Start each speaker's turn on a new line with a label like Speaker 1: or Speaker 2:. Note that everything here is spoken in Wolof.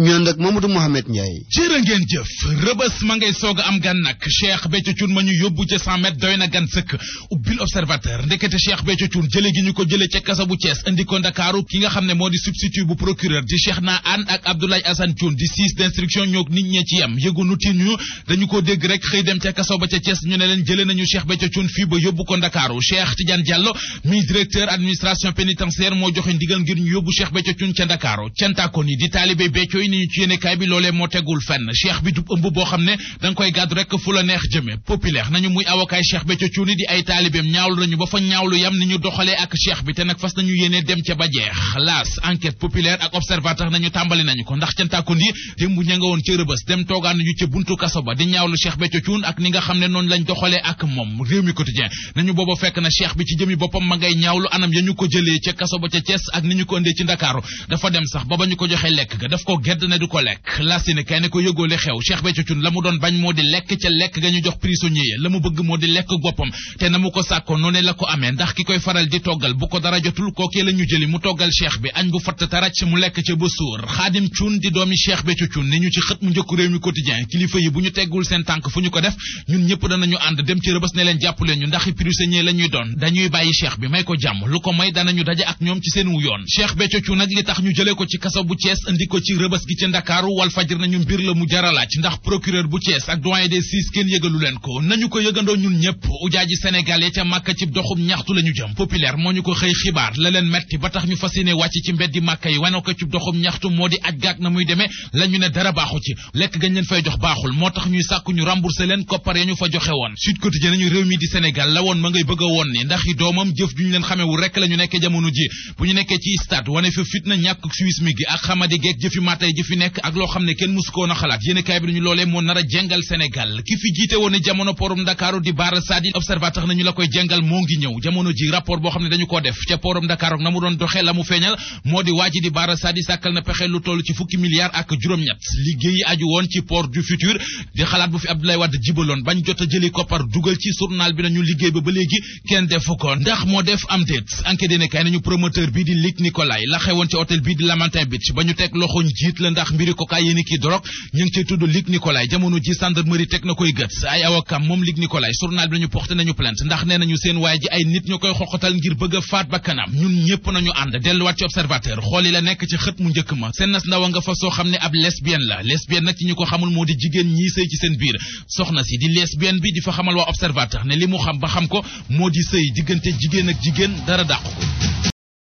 Speaker 1: ñu ànd ak Mamadou Mohamed ngeen jëf rëbës ma ngay soog am gan nag Cheikh Béthio Thioune ma ñu yóbbu ca 100 doy na gan sëkk ubbil observateur ndekete Cheikh Béthio Thioune jële gi ñu ko jële ca kaso bu Thiès indi Ndakaaru ki nga xam ne moo di substitut bu procureur di Cheikh na an ak Abdoulaye Assane Thioune di six d'instruction ñoog nit ñee ci yam yëgunu tiñu dañu ko dégg rek xëy dem ca kaso ba ca Thiès ñu ne leen jële nañu Cheikh Béthio Thioune fii ba yóbbu ko Ndakaaru Cheikh Tidiane nii ci yéenekaay bi loolee moo tegul fenn cheikh bi du ëmb boo xam ne danga koy gàddu rek fu la neex jëme populaire nañu muy avocat cheikh bi te nag fas nañu yéene dem ca ba jeex laas enquête ak observateur nañu tàmbali nañu ko ndax cantàkon yi démb ña nga woon ca rëbës dem toogaan nañu ca buntu kaso ba di ñaawlu cheikh Béthio Thioune ak ni nga xam ne noonu lañ doxalee ak moom réew mi quotidien nañu booba fekk na cheikh bi ci jëmi boppam ma ngay ñaawlu ko jëlee ca kaso jàdd ne du ko lekk la si ne kay ne ko yëgoole xew Cheikh Béthio Thioune la mu doon bañ moo di lekk ca lekk ga ñu jox prisonnier ya la mu bëgg moo di lekk boppam te na mu ko sàkko noone la ko amee ndax ki koy faral di toggal bu ko dara jotul kookee la ñu jëli mu toggal cheikh bi añ bu fatt taraj mu lekk ca ba suur Xaadim Thioune di doomi Cheikh Béthio Thioune ni ñu ci xët mu njëkk réew mi quotidien kilifa yi bu ñu teggul seen tànk fu ñu ko def ñun ñëpp danañu ànd dem ci rëbës ne leen jàppale ko may danañu daje ak ñoom ci yoon Cheikh Béthio Thioune ñu jëlee ko ko ci tefes gi ci ndakaaru wal fajir nañu mbir la mu jaralaaj ndax procureur bu Thiès ak doyen des six kenn yëgalu leen ko nañu ko yëgandoo ñun ñëpp ujaaji Sénégal ya ca màkka ci doxum ñaxtu la jëm populaire moo ñu ko xëy xibaar la metti ba tax ñu fas yéene wàcc ci mbeddi màkka yi wane ci doxum ñaxtu moo di aj gaak muy demee la ne dara baaxu ci lekk gañ leen fay jox baaxul moo tax ñuy sàkku ñu remboursé leen koppar ya ñu fa joxe woon Sud Quotidien a woon ni doole ji fi nekk ak loo xam ne kenn musu a xalaat yéenekaay bi nañu loolee moo nar a jengal Sénégal ki fi jiite woon jamono porum Dakar di Bara Sadi observateur nañu la koy jengal moo ngi ñëw jamono ji rapport boo xam ne dañu ko def ca porum Dakar na mu doon la mu feeñal moo di waa ji di Bara Sadi sàkkal na pexe lu toll ci fukki milliards ak juróom-ñett liggéey aju woon ci port du futur di xalaat bu fi Abdoulaye Wade jibaloon bañ a la ndax mbiri cocaïne yi ki drogue ñu ngi ci tudd Luc Nicolaï jamono ji gendarmerie teg na koy gët ay awakam moom Luc Nicolaï journal bi nañu porté nañu plainte ndax nee nañu seen waay ji ay nit ñu koy xoxotal ngir bëgg a faat bakkanam ñun ñëpp nañu ànd delluwaat ci observateur xooli la nekk ci xët mu njëkk ma seen nas ndaw a nga fa soo xam ne ab lesbienne la lesbienne nag ci ñu ko xamul moo di jigéen ñi sëy ci seen biir soxna si di lesbienne bi di fa xamal waa ne li xam ba xam ko moo di sëy diggante jigéen ak jigéen dara dàq